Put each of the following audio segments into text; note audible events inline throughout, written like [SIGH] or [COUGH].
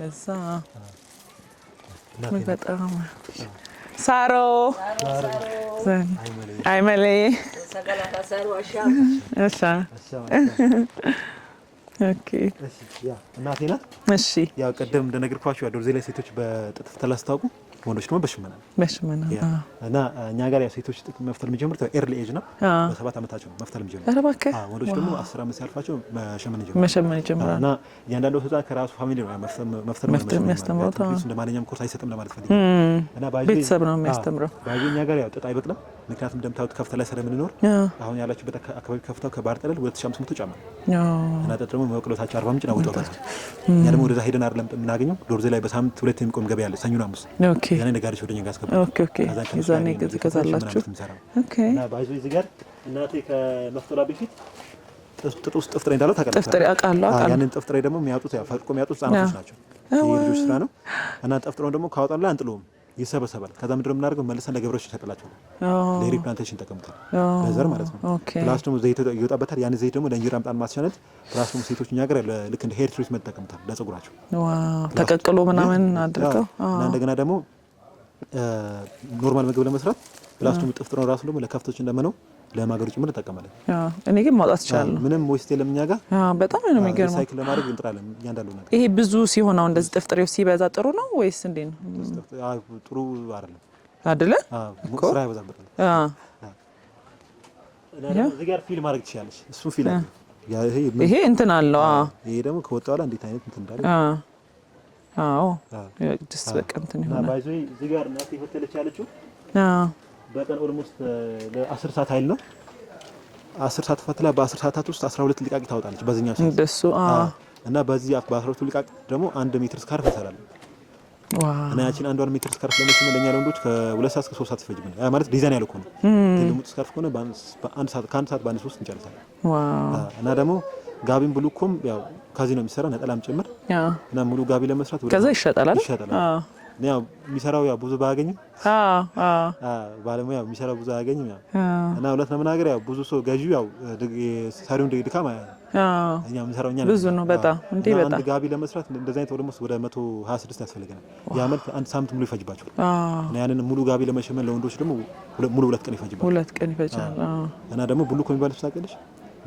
ለዛ በጣም ሳሮ አይመሌ እሺ፣ እናቴ ናት። እሺ፣ ያው ቀደም እንደነገርኳችሁ ያው ዶርዜ ላይ ሴቶች በጥጥ ተላስታውቁ ወንዶች ደግሞ በሽመና በሽመና እና እኛ ጋር ሴቶች መፍተል የሚጀምሩት ኤርሊ ኤጅ ነው። በሰባት ዓመታቸው ነው መፍተል የሚጀምሩት። ወንዶች ደግሞ አስር ዓመት ሲያልፋቸው መሸመን ይጀምራሉ። እና እያንዳንዱ ሕፃን ከራሱ ፋሚሊ ነው መፍተል የሚያስተምሩት። እንደ ማንኛውም ኮርስ አይሰጥም ለማለት ፈልጌ እና ቤተሰብ ነው የሚያስተምረው። እኛ ጋር ያው ጥጥ አይበቅልም ምክንያቱም እንደምታዩት ከፍታ ላይ ስለምንኖር አሁን ያላችሁበት አካባቢ ከፍታው ከባህር ጠለል 2500 ጫማ እና ደግሞ መቅሎታቸው አርባ ምንጭ ነው ውጫውታቸው። እኛ ደግሞ ወደዛ ሄደን አይደለም የምናገኘው ዶርዜ ላይ በሳምንት ሁለት የሚቆም ገበያ አለ፣ ሰኞ ሐሙስ። ያኔ ነጋዴዎች ወደኛ ጋስገባዛላችሁ ባይዞ እዚህ ጋር እናቴ ከመፍጠላ በፊት ጥጥ ውስጥ ጥፍጥሬ እንዳለው ታውቃለህ። ያንን ጥፍጥሬ ደግሞ የሚያወጡት ፈጥቆ የሚያወጡት ህጻናቶች ናቸው። ይህ ልጆች ስራ ነው እና ጠፍጥረውን ደግሞ ላይ አንጥለውም ይሰበሰባል። ከዛ ምድር የምናደርገው መልሰን ለገበሬዎች እንሸጥላቸዋል። ለሪፕላንቴሽን ይጠቀሙታል፣ ለዘር ማለት ነው። ፕላስ ደግሞ ዘይት ይወጣበታል። ያን ዘይት ደግሞ ለእንጀራ ምጣድ ማስቻነት፣ ፕላስ ደግሞ ሴቶች እኛ ሀገር ልክ እንደ ሄር ትሪትመንት ይጠቀሙታል ለጸጉራቸው ተቀቅሎ ምናምን አድርገው እና እንደገና ደግሞ ኖርማል ምግብ ለመስራት ፕላስ ደግሞ ጥፍጥሮ ራሱ ደግሞ ለከፍቶች እንደመነው ለማገሩ ጭምር እንጠቀማለን። እኔ ግን ማውጣት እችላለሁ። ምንም ዌስት የለም እኛ ጋር። በጣም ነው የሚገርመው። ሳይክል ለማድረግ እንጥራለን እያንዳንዱ ነገር። ይሄ ብዙ ሲሆን አሁን እንደዚህ ጥፍጥሬው ሲበዛ ጥሩ ነው ወይስ እንዴ ነው? ጥሩ አይደለም አይደለ? ስራ ይበዛበታል። እዚህ ጋር ፊል ማድረግ ትችላለች። እሱ ፊል አለ። ይሄ እንትን አለው። ይሄ ደግሞ ከወጣ በኋላ እንዴት አይነት እንትን እንዳለ አዎ፣ ደስ በቃ እንትን ይሆናል። ባይዞ እዚህ ጋር እናት የፈተለች ያለችው በቀን ኦልሞስት ለ10 ሰዓት ኃይል ነው። 10 ሰዓት ፈትላ በ10 ሰዓታት ውስጥ 12 ልቃቂ ታወጣለች በዚህኛው ሰዓት እንደሱ። እና በዚህ በ12 ሊቃቂ ደግሞ አንድ ሜትር ስካርፍ እንሰራለን። እና ያቺን አንዷን ሜትር ስካርፍ ለመስመር ለኛ ለወንዶች ከሁለት ሰዓት እስከ ሶስት ሰዓት ይፈጅብን። ማለት ዲዛይን ያለው ከሆነ ልሙጥ ስካርፍ ከሆነ በአንድ ሰዓት ከአንድ ሰዓት በአንድ ሶስት እንጨርሳለን። እና ደግሞ ጋቢን ብሉኮም ያው ከዚህ ነው የሚሰራ ነጠላም ጭምር እና ሙሉ ጋቢ ለመስራት ከዛ ይሸጣል አይደል? ያው የሚሰራው ያው ብዙ ባያገኝም ባለሙያ የሚሰራው ብዙ አያገኝም። ያው እና ሁለት ለመናገር ያው ብዙ ሰው ገዢው ያው ሰሪውን ድካም እኛ የምንሰራው እኛ ብዙ ነው በጣም እንዴ በጣም አንድ ጋቢ ለመስራት እንደዚህ አይነት ደግሞ ወደ 126 ያስፈልገናል። ያ አንድ ሳምንት ሙሉ ይፈጅባቸዋል። እና ያንን ሙሉ ጋቢ ለመሸመን ለወንዶች ደግሞ ሙሉ ሁለት ቀን ይፈጅባል። ሁለት ቀን ይፈጃል። እና ደግሞ ብሉ ኮሚባል ስታቀልሽ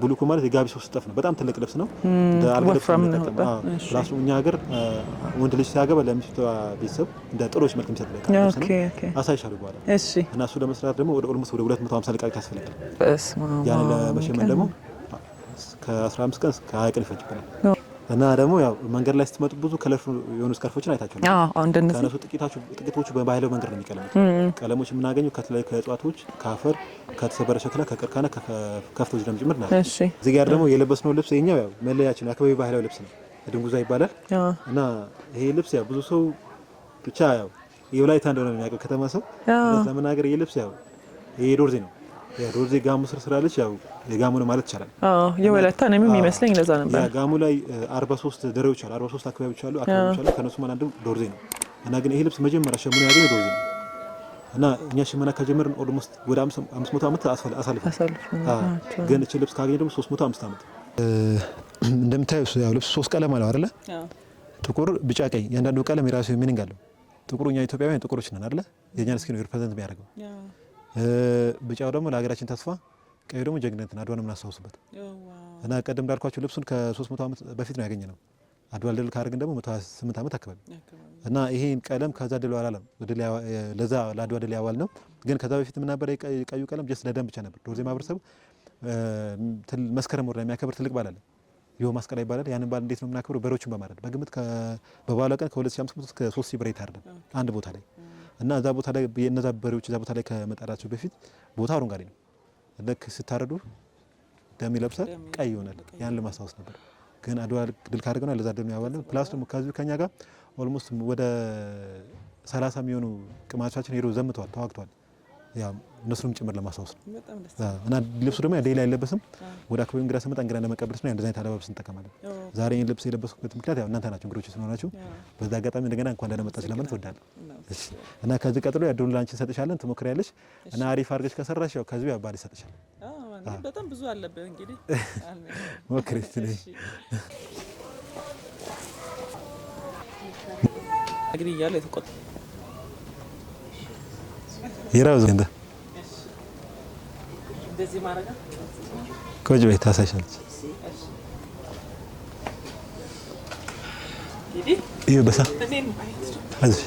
ብሉኮ ማለት የጋቢ ሶስት እጥፍ ነው። በጣም ትልቅ ልብስ ነው። ራሱ እኛ ሀገር ወንድ ልጅ ሲያገባ ለሚስቱ ቤተሰብ እንደ ጥሎሽ መልክ የሚሰጥ ላይ አሳይሻለሁ በኋላ እና እሱ ለመስራት ደግሞ ወደ ኦልሞስት ወደ 250 ልቃቂት ያስፈልጋል። ያን ለመሸመን ደግሞ ከ15 ቀን እስከ 20 ቀን ይፈጅብናል። እና ደግሞ ያው መንገድ ላይ ስትመጡ ብዙ ከለር የሆኑ ስካርፎችን አይታችኋል። አዎ እንደነዚህ ከነሱ ጥቂታቹ ጥቂቶቹ በባህላዊ መንገድ ነው የሚቀለሙት። ቀለሞች የምናገኘው ከተለያዩ ከእጽዋቶች፣ ከአፈር፣ ከተሰበረ ሸክላ፣ ከቀርካና ከከፍቶች ደም ጭምር ናቸው። እሺ እዚህ ጋር ደግሞ የለበስነው ልብስ ይሄኛው ያው መለያችን አካባቢ ባህላዊ ልብስ ነው። ድንጉዛ ይባላል እና ይሄ ልብስ ያው ብዙ ሰው ብቻ ያው የወላይታ እንደሆነ የሚያውቀው ከተማ ሰው ለመናገር ይሄ ልብስ ያው ይሄ የዶርዜ ነው ሮዜ ጋሞ ስር ስላለች ያው የጋሞ ነው ማለት ይቻላል። አዎ የወላይታ ነው የሚመስለኝ ለዛ ነበር። ጋሞ ላይ 43 ደሬዎች አሉ፣ 43 አካባቢዎች አሉ አካባቢዎች አሉ። ከነሱ ማን አንዱ ዶርዜ ነው እና ግን ይሄ ልብስ መጀመሪያ ሸምኖ ያገኘ ዶርዜ ነው እና እኛ ሽመና ከጀመርን ኦልሞስት ወደ 500 ዓመት አሳልፈ ግን እቺ ልብስ ካገኘ ደግሞ 305 ዓመት። እንደምታዩ ያው ልብስ ሶስት ቀለም አለው አይደለ? ጥቁር፣ ቢጫ፣ ቀይ። ያንዳንዱ ቀለም የራሱ ሚኒንግ አለው። ጥቁሩ እኛ ኢትዮጵያውያን ጥቁሮች ነን አይደለ? የእኛን እስኪ ነው ሪፕሬዘንት የሚያደርገው ቢጫው ደግሞ ለሀገራችን ተስፋ፣ ቀዩ ደግሞ ጀግንነትን አድዋን የምናስታውስበት እና ቀደም እንዳልኳቸው ልብሱን ከ300 ዓመት በፊት ነው ያገኘ ነው። አድዋ ድል ካደረግን ደግሞ 28 ዓመት አካባቢ እና ይሄን ቀለም ከዛ ድል አላለም ለዛ ለአድዋ ድል ያዋል ነው። ግን ከዛ በፊት የምናበረ ቀዩ ቀለም ጀስት ለደም ብቻ ነበር። ዶርዜ ማህበረሰቡ መስከረም ወር ላይ የሚያከብር ትልቅ በዓል አለ። ይኸው ማስቀላ ይባላል። ያንን በዓል እንዴት ነው የምናከብረው? በሮችን በማረድ በግምት በበዓሉ ቀን ከ2500 እስከ 3000 ብር ይታረዳል አንድ ቦታ ላይ እና እዛ ቦታ ላይ የነዛ በሬዎች እዛ ቦታ ላይ ከመጣራቸው በፊት ቦታው አረንጓዴ ነው። ልክ ስታረዱ ደም ይለብሳል፣ ቀይ ይሆናል። ያን ለማስታወስ ነበር። ግን አድዋ ድል ካደረግነው ለዛ ደም ያባለ ፕላስ ደግሞ ከዚሁ ከኛ ጋር ኦልሞስት ወደ ሰላሳ የሚሆኑ ቅማቻችን ሄዶ ዘምተዋል፣ ተዋግተዋል። እነሱንም ጭምር ለማስታወስ ነው እና ልብሱ ደግሞ ዴይሊ አይለበስም። ወደ አካባቢ እንግዳ ስመጣ እንግዳ ለመቀበል ነው እንደዚህ አይነት አለባበስ እንጠቀማለን። ዛሬ ይህን ልብስ የለበስኩበት ምክንያት እናንተ ናቸው እንግዶች ስለሆናችሁ፣ በዛ አጋጣሚ እንደገና እንኳን ለመጣችሁ ለማለት እወዳለሁ እና ከዚህ ቀጥሎ ያደውን ላንቺ እንሰጥሻለን፣ ትሞክሪያለሽ እና አሪፍ አድርገሽ ከሰራሽ ያው ከዚሁ ባል ይሰጥሻል። በጣም ብዙ አለብህ እንግዲህ [LAUGHS] ሞክሪ [LAUGHS] እያለ የተቆጠ ይራው ዘንደ ቁጭ በይ ታሳይሻለች። ይሄ በሳ አዝሽ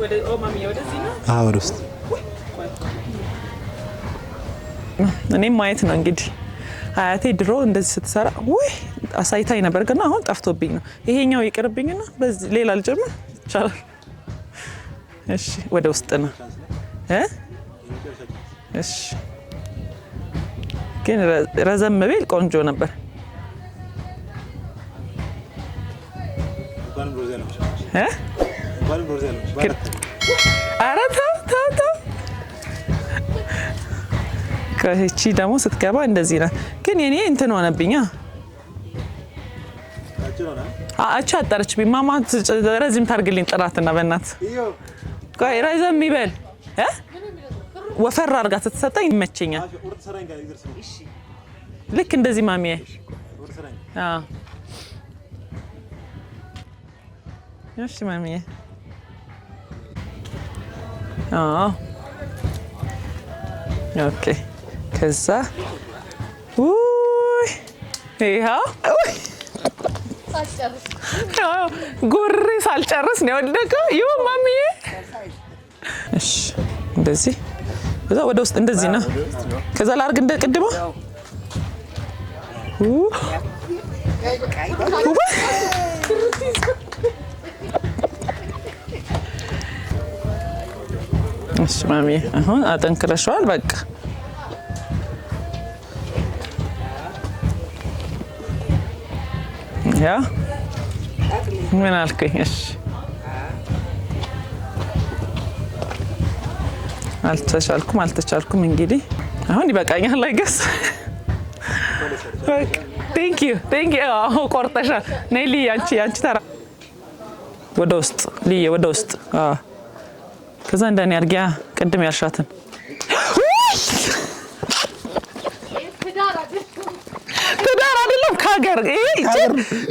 ወደ ውስጥ እኔም ማየት ነው እንግዲህ አያቴ ድሮ እንደዚህ ስትሰራ ውይ አሳይታኝ ነበር፣ ግን አሁን ጠፍቶብኝ ነው። ይሄኛው ይቅርብኝና በዚህ ሌላ ልጀምር ይቻላል? እሺ፣ ወደ ውስጥ ነው እ እሺ ግን ረዘም ቢል ቆንጆ ነበር። ኧረ ተው ተው ተው። ከቺ ደግሞ ስትገባ እንደዚህ ናት። ግን የኔ እንትን ሆነብኛ እቺ አጠረች ቢማማ ረዚም ታርግልኝ ጥራትና በእናት ቆይ ረዘም ይበል እ ወፈር ስትሰጠኝ ይመቸኛል። ልክ እንደዚህ ማሚዬ እሺ ማሚዬ ኦኬ ከዛ ይኸው ጉሬ ሳልጨርስ ነው የወደቀው። ይሁን ማሚዬ። እሺ፣ እንደዚህ እዛ ወደ ውስጥ እንደዚህ ነው። ከዛ ላርግ እንደ ቅድሞ እሺ ማሚዬ፣ አሁን አጠንክረሽዋል። በቃ ይሄ ምን አልከኝ? እሺ አልተቻልኩም አልተቻልኩም። እንግዲህ አሁን ይበቃኛል። አይገስ ቴንክ ዩ ቴንክ ዩ። አሁን ቆርጠሻል። ነይ ልዬ፣ አንቺ አንቺ ተራ ወደ ውስጥ ልዬ፣ ወደ ውስጥ ከዛ እንደኔ አድርጊያ ቅድም ያልሻትን ከሀገር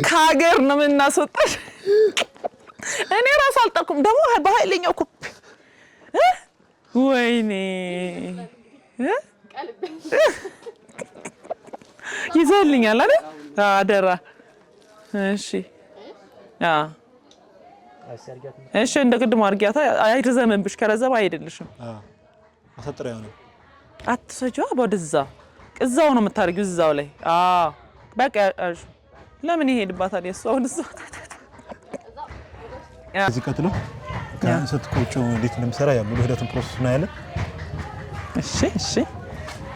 ከሀገር ነው የምናስወጣሽ። እኔ ራሱ አልጠልኩም ደግሞ በኃይለኛው ኩፕ ወይኔ ይዘህልኛል አይደል? አደራ። እሺ እሺ። እንደ ቅድሙ አድርጊያታ አይርዘምብሽ፣ ከረዘም አይሄድልሽም። አትሰጂዋ በወደዛ እዛው ነው የምታደርጊው እዛው ላይ በቃ ያርሹ ለምን ይሄድባታል? የሷውን እሷ እዚህ ቀጥሎ ከእንሰት ቆጮ እንዴት እንደምሰራ ያው ሙሉ ሂደቱን ፕሮሰስ ነው ያለ። እሺ እሺ።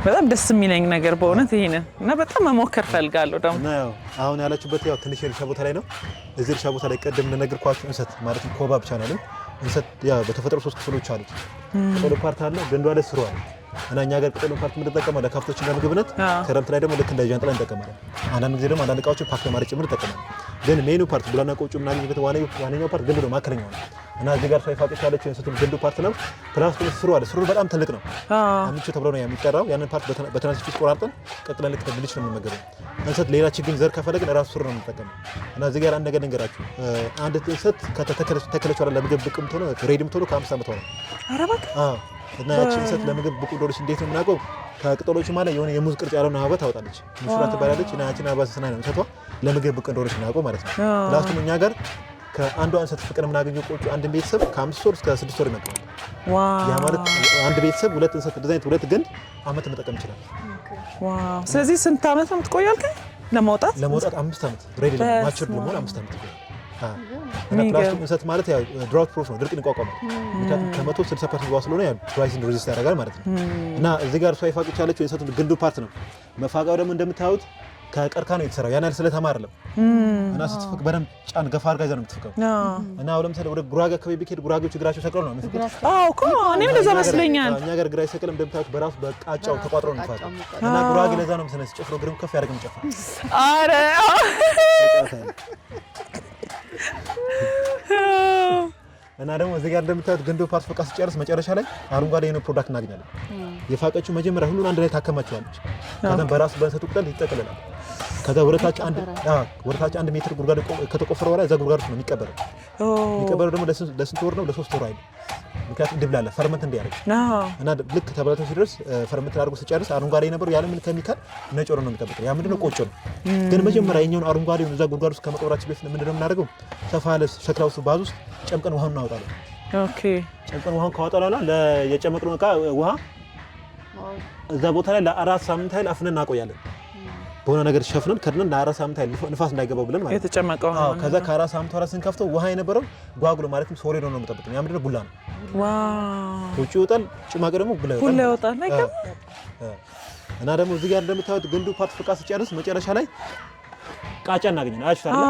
በጣም ደስ የሚለኝ ነገር በእውነት ይሄን እና በጣም መሞከር ፈልጋለሁ። ደግሞ አሁን ያላችሁበት ያው ትንሽ የእርሻ ቦታ ላይ ነው። እዚህ እርሻ ቦታ ላይ ቀደም እንደነገርኳችሁ እንሰት ማለት ኮባ ብቻ ነው። እንሰት ያው በተፈጥሮ ሶስት ክፍሎች አሉት። ሶሎ ፓርት አለ፣ ገንዷ አለ፣ ስሩ አለ እና እኛ ሀገር ቅጠሉን ፓርት የምንጠቀመው ለከብቶች ለምግብነት፣ ክረምት ላይ ደግሞ ልክ እንደ ጃንጥላ እንጠቀማለን። አንዳንድ ጊዜ ደግሞ አንዳንድ እቃዎችን ፓክ ለማድረግ ጭምር እንጠቀማለን። ግን ሜኑ ፓርት ብላና ቆጩ የምናገኝበት ዋነኛው ፓርት ግንዱ ነው፣ ማከለኛው ነው። እና እዚህ ጋር ሳይፋቅሽ ያለች ስትል ግንዱ ፓርት ነው። ፕላስ ስሩ አለ። ስሩ በጣም ትልቅ ነው፣ አምቹ ተብሎ ነው የሚጠራው። ያንን ፓርት በትናንሽ ፊት ቆራርጠን ቀጥለን ልክ ድንች ነው የምንመገበው። እንሰት ሌላ ችግኝ ዘር ከፈለግን ራሱ ስሩ ነው የምንጠቀመው። እና እዚህ ጋር አንድ ነገር ልንገራችሁ። አንድ እንሰት ከተተከለች ለምግብ ብቅ ቶሎ ሬዲ ምትሆነ ከአምስት ዓመት ሆነ እና ያቺ እንሰት ለምግብ ብቁ ዶሮች እንዴት ነው የምናውቀው? ከቅጠሎቹ ማለት የሆነ የሙዝ ቅርጽ ያለውን አበባ ታወጣለች። ሙሽራ ትባላለች። እና ያቺን አበባ ስናይ ነው እንሰቷ ለምግብ ብቁ ዶሮች የምናውቀው ማለት ነው። ላስቱም እኛ ጋር ከአንዷ እንሰት ፍቅር የምናገኘው ቆጮ አንድ ቤተሰብ ከአምስት ወር እስከ ስድስት ወር ይመግባል። ያ ማለት አንድ ቤተሰብ ሁለት እንሰት ዲዛይን ሁለት ግንድ አመት መጠቀም ይችላል። ስለዚህ ስንት አመት ነው የምትቆያል? ለማውጣት ለማውጣት አምስት አመት ሬዲ ለማቸር ደሞ አምስት አመት ይቆያል። ፕላስቲክ እንሰት ማለት ድራውት ፕሩፍ ነው፣ ድርቅን ይቋቋማል። ምክንያቱም ከመቶ ስልሳ ፐርሰንት ውሃ ስለሆነ ራይስን ሬዚስት ያደርጋል ማለት ነው። እና እዚህ ጋር እሷ የፋቀች ያለችው የእንሰቱ ግንዱ ፓርት ነው። መፋቂያው ደግሞ እንደምታዩት ከቀርካ ነው የተሰራው። ያን ያህል ስለተማ አይደለም። እና ስትፍቅ በደንብ ጫን ገፋ አድርጋ ይዛ ነው የምትፍቀው። እና አሁን ለምሳሌ ወደ ጉራጌ አካባቢ ቢሄድ ጉራጌዎች እግራቸው ሰቅለው ነው የሚፍቁት። እኔም እንደዛ መስለኛል። እኛ ጋር እግራ አይሰቅልም። እንደምታዩት በራሱ በቃጫው ተቋጥሮ ነው የሚፋቀው። እና ጉራጌ ለዛ ነው ሲጨፍረው እግርም ከፍ ያደርግም ጨፋ። ኧረ እና ደግሞ እዚህ ጋር እንደምታዩት ገንዶ ፓርት ፈቃ ሲጨርስ መጨረሻ ላይ አረንጓዴ የሆነ ፕሮዳክት እናገኛለን። የፋቀችው መጀመሪያ ሁሉን አንድ ላይ ታከማችዋለች። ከዛም በራሱ በሰጡ ቅጠል ይጠቅልላል። ከዛ ወደታች አንድ ወደታች አንድ ሜትር ጉድጓድ ከተቆፈረ በኋላ እዛ ጉድጓድ ነው የሚቀበረው። የሚቀበረው ደግሞ ለስንት ወር ነው? ለሶስት ወር አይደል? ምክንያቱም እንድብላለ ፈርመንት እንዲያደርግ እና ልክ ተበላቶ ሲደርስ ፈርመንት አድርጎ ሲጨርስ አረንጓዴ የነበረው ያለ ምን ከሚካል ነጭ ሆኖ ነው የሚጠብቀው። ያ ምንድነው ቆጮ ነው። ግን መጀመሪያ የኛውን አረንጓዴ እዛ ጉድጓድ ውስጥ ከመቀበራችን በፊት ምንድነው የምናደርገው? ሰፋ ያለ ሸክላ ውስጥ ባዝ ውስጥ ጨምቀን ውሃውን እናወጣለን። ኦኬ ጨምቀን ውሃውን ካወጣላላ በኋላ የጨመቅነው ዕቃ ውሃ እዛ ቦታ ላይ ለአራት ሳምንት ኃይል አፍነን እናቆያለን። በሆነ ነገር ሸፍነን ከድነን አራት ሳምንት ንፋስ እንዳይገባው ብለን ማለት ነው አዎ። ከዛ ከአራት ሳምንት ኋላ ስንከፍተው ውሃ የነበረው ጓጉሎ ማለትም ሶሬዶ ነው የምጠብቀው። ያ ምንድነው ቡላ ነው። ዋው ውጭ ይወጣል፣ ጭማቂ ደግሞ ቡላ ይወጣል። እና ደግሞ እዚህ ጋር እንደምታዩት ግንዱ ፓት ፍቃ ሲጨርስ መጨረሻ ላይ ቃጫ እናገኛለን። አያችሁታል?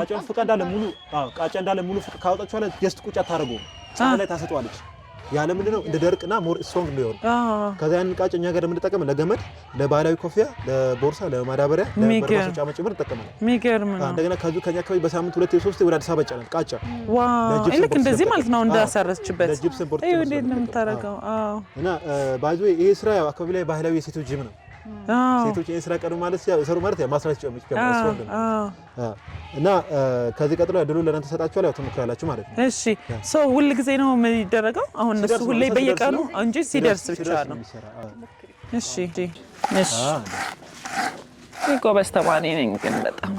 ቃጫ ፍቃ እንዳለ ሙሉ አዎ፣ ቃጫ እንዳለ ሙሉ ፍቃ ካወጣችሁ ጀስት ቁጭ አታደርገውም፣ ፀሐይ ላይ ታሰጠዋለች። ያለ ምንድን ነው እንደ ደርቅና ሞር ስትሮንግ እንዲሆን ከዛ ያንን ቃጭ እኛ ጋር የምንጠቀም ለገመድ፣ ለባህላዊ ኮፍያ፣ ለቦርሳ፣ ለማዳበሪያ፣ ለበርባሶ ጫማ ጭምር እንጠቀማለን። የሚገርም ነው። እንደገና ከዚሁ ከኛ አካባቢ በሳምንት ሁለት ሶስት ወደ አዲስ አበባ ይጫላል ቃጫ። ልክ እንደዚህ ማለት ነው እንዳሰረችበት ለጅብስ ቦርጭ እና ባይዞ ይሄ ስራ አካባቢ ላይ ባህላዊ የሴቶች ጅም ነው ሴቶች ይህን ስራ ቀዱ ማለት ሰሩ ማለት ማስራት ጨምጭ እና ከዚህ ቀጥሎ እድሉ ለእናንተ ሰጣችኋል። ያው ትሞክራላችሁ ማለት ነው። እሺ ሰው ሁል ጊዜ ነው የሚደረገው። አሁን እነሱ ሁሌ በየቀኑ እንጂ ሲደርስ ብቻ ነው። እሺ እሺ፣ ጎበዝ ተማሪ ነኝ ግን በጣም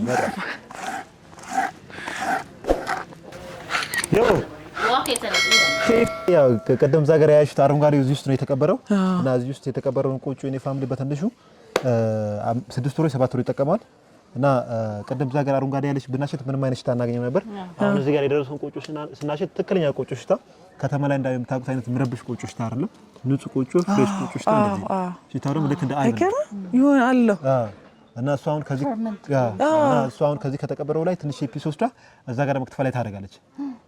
ያው ቅድም እዛ ጋር ያያችሁት አረንጓዴው እዚህ ውስጥ ነው የተቀበረው እና እዚህ ውስጥ የተቀበረውን ቆጮ የኔ ፋሚሊ በትንሹ ስድስት ወር ሰባት ወር ይጠቀማል እና ቅድም እዛ ጋር አረንጓዴ ያለች ብናሸት ምንም አይነት ሽታ አናገኘም ነበር። አሁን እዚህ ጋር የደረሰውን ቆጮ ስናሸት ትክክለኛ ቆጮ ሽታ ከተማ ላይ የምታውቁት አይነት ምረብሽ ቆጮ ሽታ አይደለም። ንጹህ ቆጮ፣ ፍሬሽ ቆጮ ሽታ ሽታው ደግሞ ልክ እንደ ይሆን አለው እና አሁን ከዚህ ከተቀበረው ላይ ትንሽ ፒስ እዛ ጋር ላይ ታደርጋለች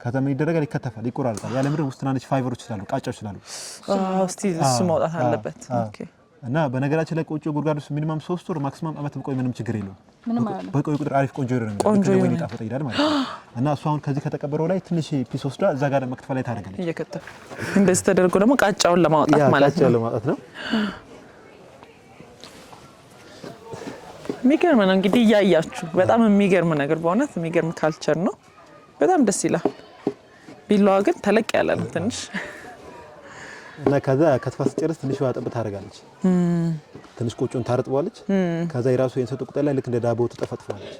ከዛ ምን ይደረጋል? ይከተፋል፣ ይቆራረጣል። ያለ ምድር ውስጥ ትናንሽ ፋይበሮች ስላሉ ቃጫዎች ስላሉ እስቲ እሱ ማውጣት አለበት። እና በነገራችን ላይ ቆጮ ጉድጓድ ውስጥ ሚኒማም ሶስት ወር ማክሲማም አመት ብቆይ ምንም ችግር የለውም። በቆይ ቁጥር አሪፍ ቆንጆ ነው ቆንጆ ወይን ጣፈጥ ይላል ማለት ነው። እና እሱ አሁን ከዚህ ከተቀበረው ላይ ትንሽ ፒስ ወስዷ እዛ ጋር ደግሞ ክትፋ ላይ ታደርጋለች። እየከተፈ እንደዚህ ተደርጎ ደግሞ ቃጫውን ለማውጣት ማለት ነው፣ ለማውጣት ነው። የሚገርም ነው እንግዲህ እያያችሁ፣ በጣም የሚገርም ነገር በእውነት የሚገርም ካልቸር ነው። በጣም ደስ ይላል። ቢላዋ ግን ተለቅ ያለ ነው ትንሽ እና ከዛ ከትፋ ጨርስ ትንሽ ውሃ ጠብ ታደርጋለች። ትንሽ ቆጮን ታርጥባለች። ከዛ የራሱ የእንሰጡ ቅጠል ላይ ልክ እንደ ዳቦ ትጠፈጥፈዋለች።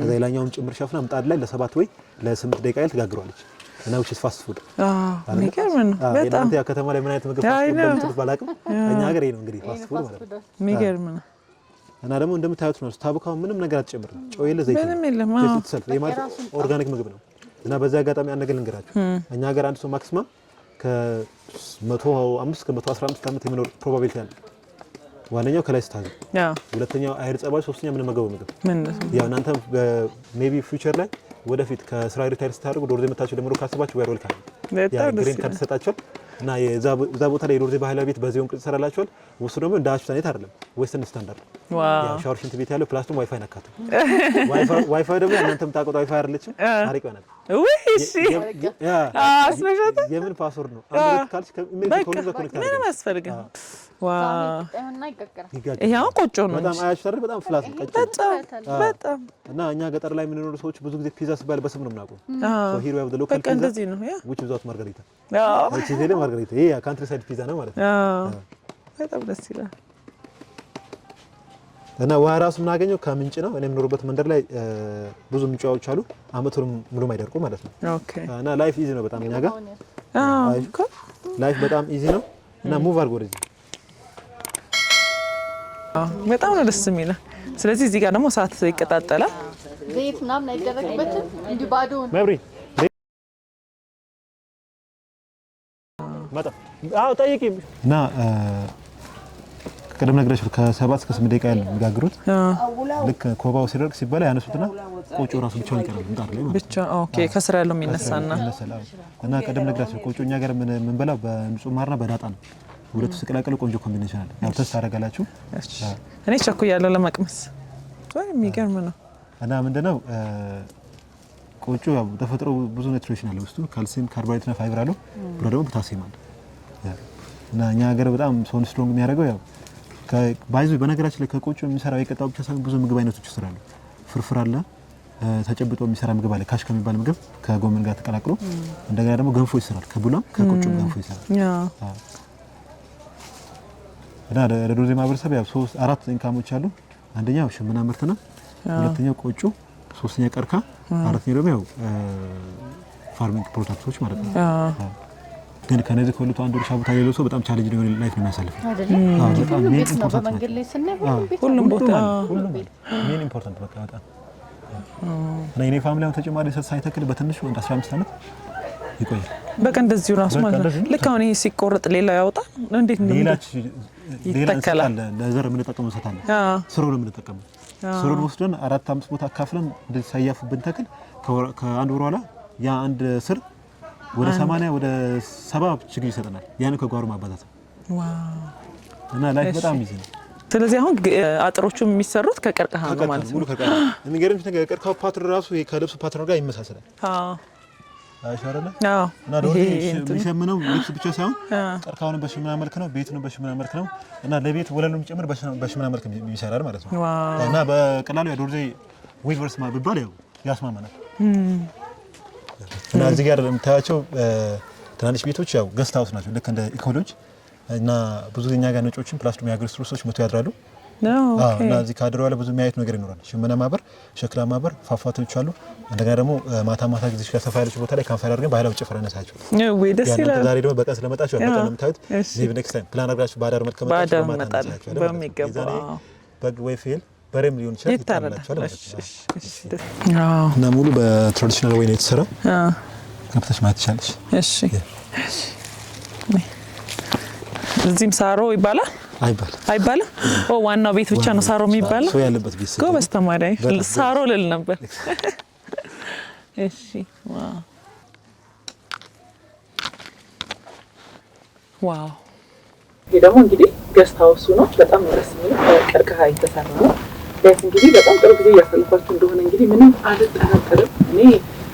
ከዛ የላኛውን ጭምር ሸፍና ምጣድ ላይ ለሰባት ወይ ለስምንት ደቂቃ ያህል ትጋግረዋለች። እና ውጭ ፋስት ፉድ የሚገርም ነው በጣም ያ ከተማ ላይ ምን አይነት ምግብ ፋስት ፉድ ባላቅም እኛ ሀገር ይሄ ነው እንግዲህ ፋስት ፉድ ማለት ነው። የሚገርም ነው። እና ደግሞ እንደምታዩት ነው ስታቡካው ምንም ነገር አትጨምርም። ጨው የለ ዘይት ምንም የለም። ኦርጋኒክ ምግብ ነው። እና በዚህ አጋጣሚ አንድ ነገር ልንገራችሁ። እኛ ሀገር አንድ ሰው ማክሲማም ከ105 ከ115 ዓመት የሚኖር ፕሮባቢሊቲ አለ። ዋነኛው ከላይ ስታገኝ፣ ሁለተኛው አይር ጸባይ፣ ሶስተኛ ምን መገበው ምግብ። ያው እናንተ ሜቢ ፊውቸር ላይ ወደፊት ከስራ ሪታይር ስታደርጉ ዶርዜ መታችሁ ለመኖር ካስባችሁ ወያሮል ካለ ግሪን ካርድ ይሰጣቸዋል እና የዛ ቦታ ላይ የዶርዜ ባህላዊ ቤት በዚህ ወንቅ ይሰራላቸዋል። ውሱ ደግሞ እንደ አሽታ ኔት አይደለም ዌስተርን ስታንዳርድ ሻወር ሽንት ቤት ያለው ፕላስ ዋይፋይ ነካቱ። ዋይፋይ ደግሞ እናንተም ታቆጣ ዋይፋይ አይደለችም አሪቅ ይሆናል የምን ፓስወርድ ነው? ምንም አያስፈልግም። ይሄው ቆጮ ነው በጣም ፍላት ነው እና እኛ ገጠር ላይ የምንኖሩ ሰዎች ብዙ ጊዜ ፒዛ ሲባል በስም ነው የምናውቀው። በቃ እንደዚህ ካንትሪ ሳይድ ፒዛ ነው ማለት ነው። በጣም ደስ ይላል። እና ውሃ ራሱ የምናገኘው ከምንጭ ነው። እኔ የምኖርበት መንደር ላይ ብዙ ምንጫዎች አሉ፣ አመቱን ሙሉም አይደርቁ ማለት ነው። እና ላይፍ ኢዚ ነው በጣም እኛ ጋር ላይፍ በጣም ኢዚ ነው። እና ሙቭ አድርጎ ወደዚህ በጣም ነው ደስ የሚል። ስለዚህ እዚህ ጋር ደግሞ እሳት ይቀጣጠላል። ዘይት ምናምን አይደረግበትም እንዲሁ ባዶውን መብሪት እና ቅድም ነግረሽው ከሰባት እስከ ስምንት ደቂቃ ያህል የሚጋግሩት ልክ ኮባው ሲደርቅ ሲበላ ያነሱትና ቆጮ ራሱ ብቻውን ይቀራል ምጣድ ላይ ማለት ነው። ኦኬ ከስራ ያለው የሚነሳና እና ቅድም ነግራችሁ ቆጮ እኛ ጋር ምን የምንበላው በንጹህ ማርና በዳጣ ነው። ሁለቱ ስቀላቀሉ ቆንጆ ኮምቢኔሽን አለ። ያው ተስ ታደርጋላችሁ። እኔ ቸኩያለሁ ለመቅመስ። ወይ የሚገርም ነው። እና ምንድነው ቆጮ ያው ተፈጥሮ ብዙ ኒትሪሽን አለ ውስጡ ካልሲየም፣ ካርቦሃይድሬትና ፋይበር አለው ብሮ ደግሞ ፖታሲየም አለ እና እኛ ሀገር በጣም ሰውን ስትሮንግ የሚያደርገው ያው ባይዞ በነገራችን ላይ ከቆጮ የሚሰራ የቀጣው ብቻ ሳይሆን ብዙ ምግብ አይነቶች ይሰራሉ። ፍርፍር አለ፣ ተጨብጦ የሚሰራ ምግብ አለ፣ ካሽ ከሚባል ምግብ ከጎመን ጋር ተቀላቅሎ። እንደገና ደግሞ ገንፎ ይሰራል፣ ከቡላም ከቆጮ ገንፎ ይሰራል። እና ለዶርዜ ማህበረሰብ ያው ሶስት አራት ኢንካሞች አሉ። አንደኛው ሽመና ምርትና፣ ሁለተኛው ቆጮ፣ ሶስተኛ ቀርካ፣ አራተኛው ደግሞ ያው ፋርሚንግ ፕሮዳክቶች ማለት ነው። ግን ከነዚህ ከሁለቱ አንዱ እርሻ ቦታ የሌለው ሰው በጣም ቻሌንጅ ነው ላይፍ ነው የሚያሳልፈው። ሁሉም ቦታ ኢምፖርታንት በቃ በጣም እና የኔ ፋሚሊ አሁን ተጨማሪ ሰት ሳይተክል በትንሹ እንደ 15 ዓመት ይቆያል። በቃ እንደዚሁ ራሱ ማለት ነው። ልክ አሁን ይሄ ሲቆረጥ ሌላ ያወጣ እንዴት ነው ይተከላል። ለዘር የምንጠቀመው ሰት አለ፣ ነው የምንጠቀመው። ወስደን አራት አምስት ቦታ አካፍለን እንደዚህ ሳያፉ ብንተክል ከአንድ ወር በኋላ ያ አንድ ስር ወደ 80 ወደ 70 ችግኝ ይሰጠናል። ያን ከጓሮ ማባዛት እና ላይ በጣም ይዘ ነው። ስለዚህ አሁን አጥሮቹ የሚሰሩት ከቀርቀሃ ነው ማለት ነው። የሚገርምሽ ነገር የቀርቀሃው ፓትርን ራሱ ከልብሱ ፓትርን ጋር ይመሳሰላል። የሚሸምነው ልብስ ብቻ ሳይሆን ቀርካውን በሽመና መልክ ነው፣ ቤቱን በሽመና መልክ ነው እና ለቤት ወለሉም ጭምር በሽመና መልክ ይሰራል ማለት ነው እና በቀላሉ ዊቨርስ ቢባል ያስማመናል። እና እዚህ ጋር የምታያቸው ትናንሽ ቤቶች ያው ገስት ሀውስ ናቸው፣ ልክ እንደ ኢኮሎጅ እና ብዙ እኛ ጋር ነጮችን ፕላስ ደግሞ የሀገር ቱሪስቶች መቶ ያድራሉ እና እዚህ ካደሩ ያለ ብዙ የሚያዩት ነገር ይኖራል። ሽመና ማህበር፣ ሸክላ ማህበር፣ ፏፏቴዎች አሉ። እንደገና ደግሞ ማታ ማታ ጊዜ ከሰፋ ያለች ቦታ ላይ ካንፈር አድርገን ባህላዊ ጭፈራ ነሳቸው። ዛሬ ደግሞ በቀን ስለመጣችሁ ያመጣ ነው የምታዩት። ኔክስት ታይም ፕላን አድርጋችሁ በአዳር መልክ ከመጣችሁ ማታ ነሳቸዋል በሚገባ በግ ወይ ፍየል በሬም ሊሆን ይችላል ይታረዳል። እና ሙሉ በትራዲሽናል ወይ ነው የተሰራው። ከፍተሽ ማየት ትችላለሽ። እሺ፣ እዚህም ሳሮ ይባላል አይባልም። ኦ ዋናው ቤት ብቻ ነው ሳሮ የሚባለው። ጎበዝ ተማሪ ሳሮ ልል ነበር። እሺ፣ ዋው ይህ ደግሞ እንግዲህ ገስት ሀውሱ ነው። በጣም ደስ የሚል ቀርከሃ የተሰራ ነው። አስተያየት እንግዲህ በጣም ጥሩ ጊዜ እያሳልፋችሁ እንደሆነ እንግዲህ ምንም አልጠራጠርም። እኔ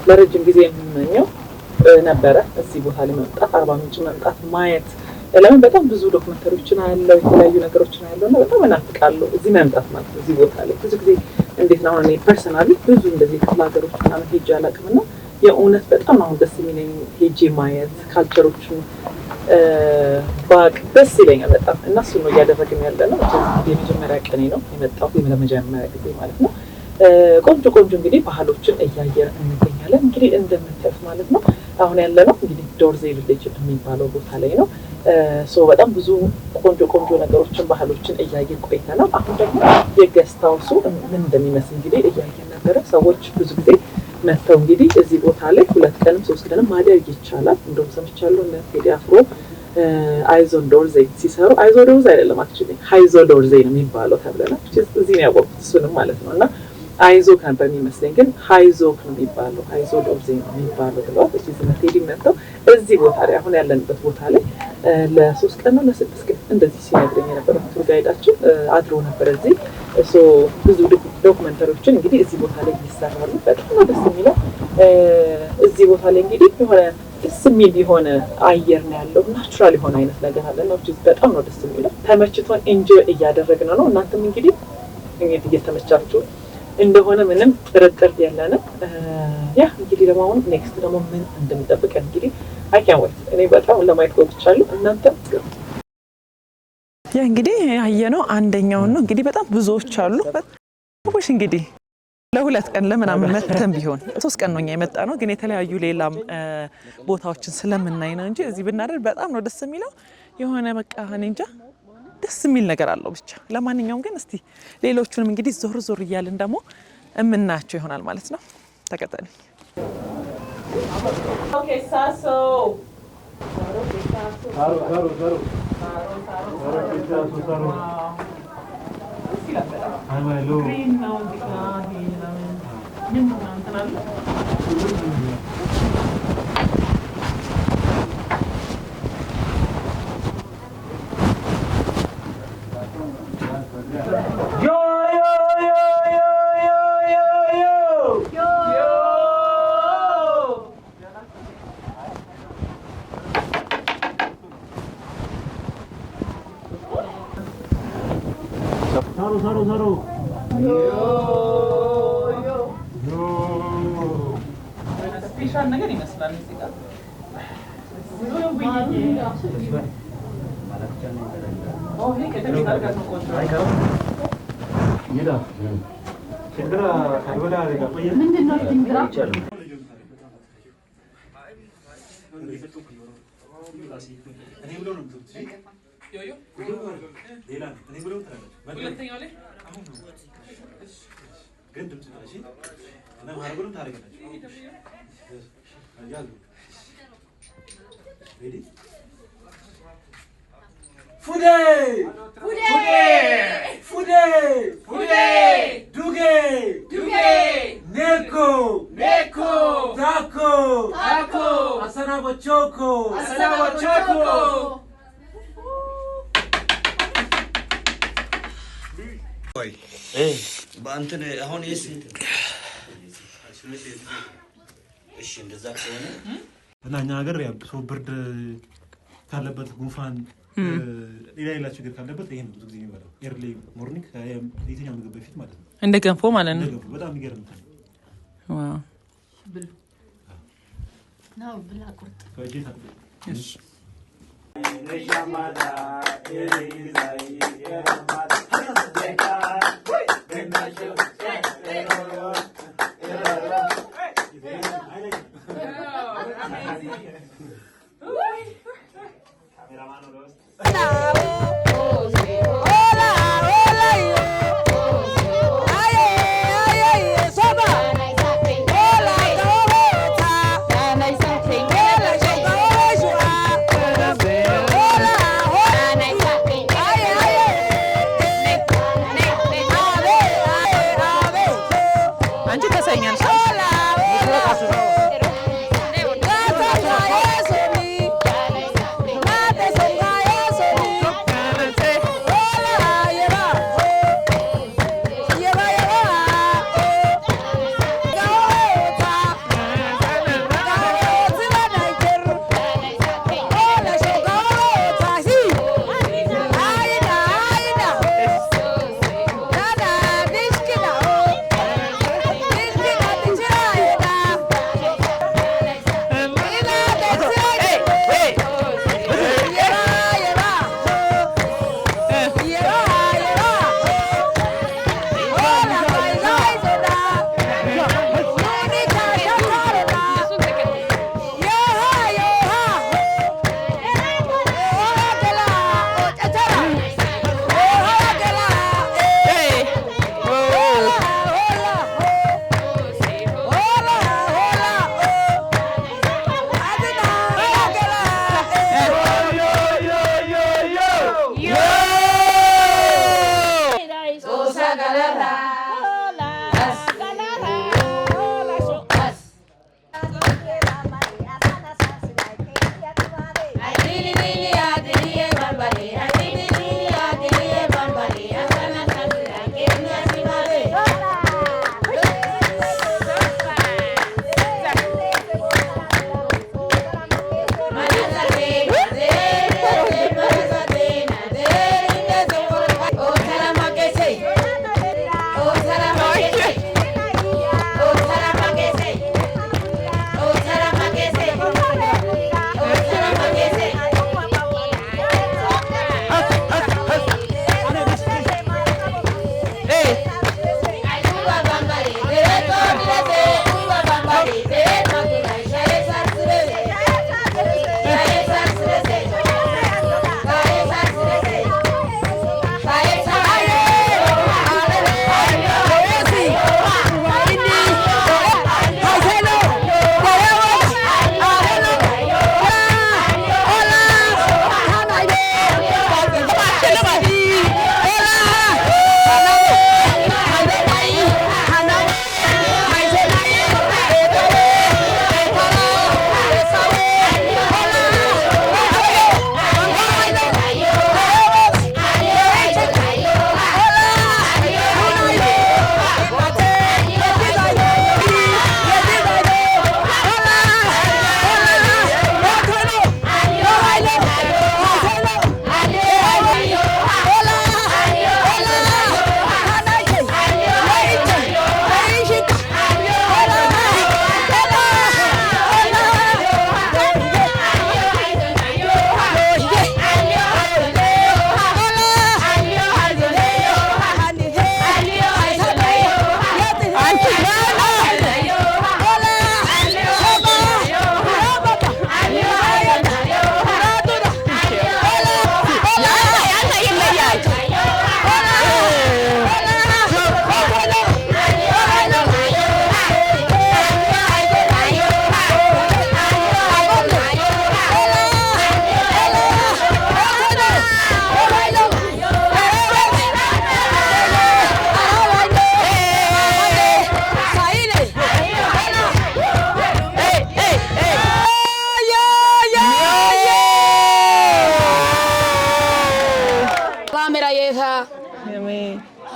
ለረጅም ጊዜ የምመኘው ነበረ እዚህ ቦታ ላይ መምጣት፣ አርባ ምንጭ መምጣት ማየት። ለምን በጣም ብዙ ዶክመንተሪዎችን አያለው የተለያዩ ነገሮችን አያለው እና በጣም እናፍቃለሁ እዚህ መምጣት ማለት ነው። እዚህ ቦታ ላይ ብዙ ጊዜ እንዴት ነው አሁን እኔ ፐርሰናሊ ብዙ እንደዚህ ክፍለ ሀገሮች ምናምን ሄጄ አላውቅም እና የእውነት በጣም አሁን ደስ የሚለኝ ሄጄ ማየት ካልቸሮችን ባቅ ደስ ይለኛል በጣም እና እሱ ነው እያደረግን ያለ ነው። የመጀመሪያ ቀኔ ነው የመጣሁት ለመጀመሪያ ጊዜ ማለት ነው። ቆንጆ ቆንጆ እንግዲህ ባህሎችን እያየን እንገኛለን። እንግዲህ እንደምታዩት ማለት ነው አሁን ያለ ነው እንግዲህ ዶርዜ ቪሌጅ የሚባለው ቦታ ላይ ነው። በጣም ብዙ ቆንጆ ቆንጆ ነገሮችን ባህሎችን እያየን ቆይተናል። አሁን ደግሞ የገስታውሱ ምን እንደሚመስል እንግዲህ እያየን ነበረ። ሰዎች ብዙ ጊዜ መጥተው እንግዲህ እዚህ ቦታ ላይ ሁለት ቀንም ሶስት ቀንም ማደግ ይቻላል። እንደውም ሰምቻለሁ እነ ቴዲ አፍሮ አይዞን ዶርዜይ ሲሰሩ አይዞ ዶርዜ አይደለም አክቹዋሊ ሃይዞ ዶርዜይ ነው የሚባለው ተብለናል። እዚህ ነው ያቆቁት እሱንም ማለት ነው እና አይዞ ከን በሚመስለኝ ግን ሀይዞክ ነው የሚባለው ሃይዞ ዶርዜይ ነው የሚባለው ብለዋል። እሺ እነ ቴዲ መጥተው እዚህ ቦታ ላይ አሁን ያለንበት ቦታ ላይ ለሶስት ቀን ነው ለስድስት ቀን እንደዚህ ሲነግረኝ የነበረው ቱር ጋይዳችን አድሮ ነበር እዚህ እሱ ብዙ ዶክመንተሪዎችን እንግዲህ እዚህ ቦታ ላይ ይሰራሉ። በጣም ነው ደስ የሚለው። እዚህ ቦታ ላይ እንግዲህ የሆነ ደስ የሚል የሆነ አየር ነው ያለው። ናቹራል የሆነ አይነት ነገር አለ ነው። በጣም ነው ደስ የሚለው። ተመችቶን ኢንጆይ እያደረግን ነው። እናንተም እንግዲህ እንግዲህ እየተመቻችሁ እንደሆነ ምንም ጥርጥር የለንም። ያ እንግዲህ ደግሞ አሁን ኔክስት ደግሞ ምን እንደሚጠብቀን እንግዲህ አይኪያን ወይት እኔ በጣም ለማየት ጓጉቻለሁ። እናንተም ያ እንግዲህ ያየነው አንደኛውን ነው። እንግዲህ በጣም ብዙዎች አሉ። ቡቡሽ እንግዲህ ለሁለት ቀን ለምናምን መተን ቢሆን ሶስት ቀን ነው የመጣ ነው፣ ግን የተለያዩ ሌላም ቦታዎችን ስለምናይ ነው እንጂ እዚህ ብናደር በጣም ነው ደስ የሚለው። የሆነ በቃ እኔ እንጃ ደስ የሚል ነገር አለው ብቻ። ለማንኛውም ግን እስቲ ሌሎቹንም እንግዲህ ዞር ዞር እያልን ደግሞ የምናያቸው ይሆናል ማለት ነው። ተከተሉ። ಆಮೇಲೆ ಗ್ರೀನ್ ನೌದಿಕ ಹೀರಾವೆ ನಿಮ್ಮ ಅಂತನಲ್ಲ ಯೋ ነው Fude! Fude! Fude! Fude! Duge! Duge! Neko! Neko! Taco! Taco! Asanabo Choco! Asanabo Choco! Hey, በአንተን አሁን የስ እሺ፣ እንደዛ ከሆነ እና እኛ ሀገር ያው ሰው ብርድ ካለበት ጉንፋን ሌላ ሌላ ችግር ካለበት ይህ ብዙ ጊዜ የሚበላው ኤርሊ ሞርኒንግ የትኛው ምግብ በፊት ማለት ነው፣ እንደ ገንፎ ማለት ነው። በጣም የሚገርም ነው። Era mano los. ¡Bravo!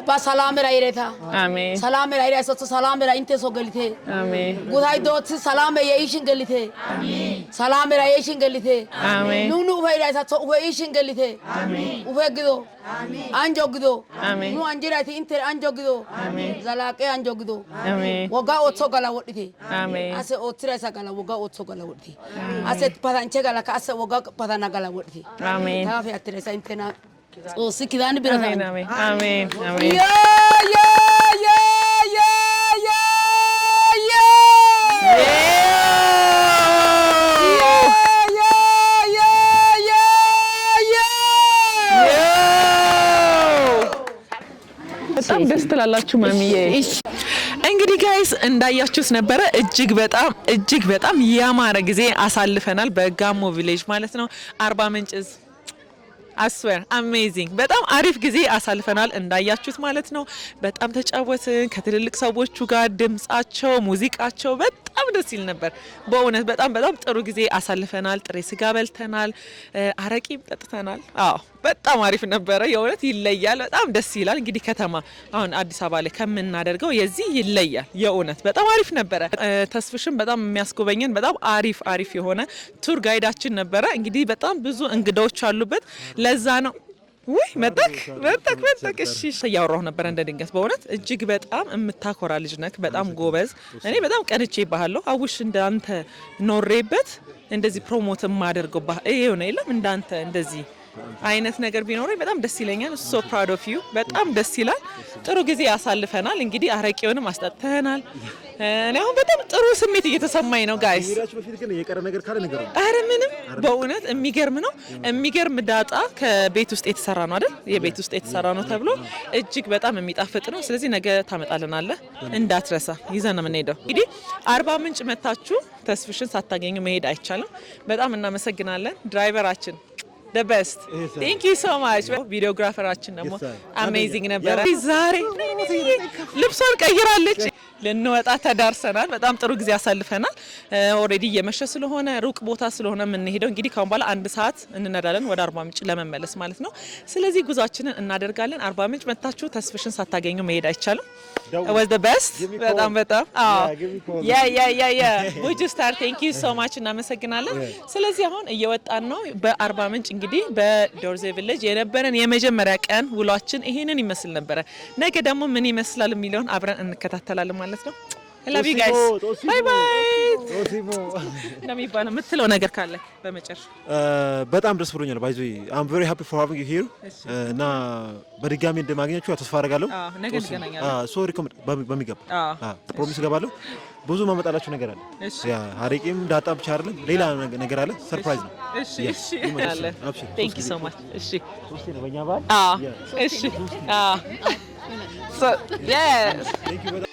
Baba salam verayireta. Amin. Salam verayira sotu salam vera inte so gelite. Amin. Guday doti salam ve yeşin gelite. Amin. Salam vera yeşin gelite. Amin. Nu nu ve ira sotu ve yeşin gelite. Amin. Uve gido. Amin. Anjo gido. Amin. Nu anjira ti inte anjo gido. Amin. Zalaqe anjo gido. Amin. Woga otso gala wodite. Amin. Ase otiresa gala woga otso gala wodite. Ase padanche gala ka ase woga padana gala wodite. Amin. Tafi atiresa inte na ሲኪዳን ብረት አሜን አሜን በጣም ደስ ትላላችሁ ማሚዬ። እንግዲህ ጋይስ እንዳያችሁት ነበረ እጅግ በጣም እጅግ በጣም ያማረ ጊዜ አሳልፈናል በጋሞ ቪሌጅ ማለት ነው አርባ ምንጭ አስዌር አሜዚንግ በጣም አሪፍ ጊዜ አሳልፈናል። እንዳያችሁት ማለት ነው። በጣም ተጫወትን ከትልልቅ ሰዎቹ ጋር ድምጻቸው፣ ሙዚቃቸው በጣም ደስ ይል ነበር። በእውነት በጣም በጣም ጥሩ ጊዜ አሳልፈናል። ጥሬ ስጋ በልተናል፣ አረቂም ጠጥተናል። አዎ በጣም አሪፍ ነበረ። የእውነት ይለያል፣ በጣም ደስ ይላል። እንግዲህ ከተማ አሁን አዲስ አበባ ላይ ከምናደርገው የዚህ ይለያል። የእውነት በጣም አሪፍ ነበረ። ተስፍሽን በጣም የሚያስጎበኘን በጣም አሪፍ አሪፍ የሆነ ቱር ጋይዳችን ነበረ። እንግዲህ በጣም ብዙ እንግዳዎች አሉበት፣ ለዛ ነው ውይ መጣክ መጣክ መጣክ። እሺ እያወራሁ ነበረ እንደ ድንገት። በእውነት እጅግ በጣም የምታኮራ ልጅ ነክ፣ በጣም ጎበዝ። እኔ በጣም ቀንቼ ይባሃለሁ። አውሽ እንዳንተ ኖሬበት እንደዚህ ፕሮሞት የማደርገው ይሄ ሆነ የለም እንዳንተ እንደዚህ አይነት ነገር ቢኖረኝ በጣም ደስ ይለኛል። ሶ ፕራድ ኦፍ ዩ። በጣም ደስ ይላል። ጥሩ ጊዜ ያሳልፈናል። እንግዲህ አረቄውንም አስጠጥተናል። እኔ አሁን በጣም ጥሩ ስሜት እየተሰማኝ ነው ጋይስ። አረ ምንም በእውነት የሚገርም ነው። የሚገርም ዳጣ ከቤት ውስጥ የተሰራ ነው አይደል? የቤት ውስጥ የተሰራ ነው ተብሎ እጅግ በጣም የሚጣፍጥ ነው። ስለዚህ ነገ ታመጣልናለህ፣ እንዳትረሳ ይዘን ነው የምንሄደው። እንግዲህ አርባ ምንጭ መታችሁ ተስፍሽን ሳታገኙ መሄድ አይቻልም። በጣም እናመሰግናለን ድራይቨራችን ደበስት ቴንክ ዩ ሶ ማች። ቪዲዮግራፈራችን ደግሞ አሜዚንግ ነበረ። ዛሬ ልብሷን ቀይራለች። ልንወጣ ተዳርሰናል። በጣም ጥሩ ጊዜ አሳልፈናል። ኦልሬዲ እየመሸ ስለሆነ ሩቅ ቦታ ስለሆነ የምንሄደው እንግዲህ ካሁን በኋላ አንድ ሰዓት እንነዳለን ወደ አርባ ምንጭ ለመመለስ ማለት ነው። ስለዚህ ጉዟችንን እናደርጋለን። አርባ ምንጭ መጥታችሁ ተስፍሽን ሳታገኙ መሄድ አይቻልም። ወዝ ደ በስት በጣም በጣም ቡጁ ስታር ቴንክ ዩ ሶ ማች እናመሰግናለን። ስለዚህ አሁን እየወጣን ነው። በአርባ ምንጭ እንግዲህ በዶርዜ ቪሌጅ የነበረን የመጀመሪያ ቀን ውሏችን ይሄንን ይመስል ነበረ። ነገ ደግሞ ምን ይመስላል የሚለውን አብረን እንከታተላለን። ማለት ነው። ላቪ ጋይስ ባይ ባይ። ቶሲሞ እንደሚባለው የምትለው ነገር ካለ በመጨረሻ በጣም ደስ ብሎኛል። ባይ ዘ ዌይ አም ቬሪ ሃፒ ፎር ሃቪንግ ዩ ሂር እና በድጋሚ እንደማገኛችሁ ተስፋ አደርጋለሁ። ነገ እንገናኛለን። በሚገባ ፕሮሚስ እገባለሁ። ብዙ ማመጣላችሁ ነገር አለ። ያ ዳጣ ብቻ አይደለም፣ ሌላ ነገር አለ። ሰርፕራይዝ ነው። እሺ እሺ አለ። ቴንክ ዩ ሶ ማች። እሺ ነው በእኛ አዎ እሺ አዎ ሶ የስ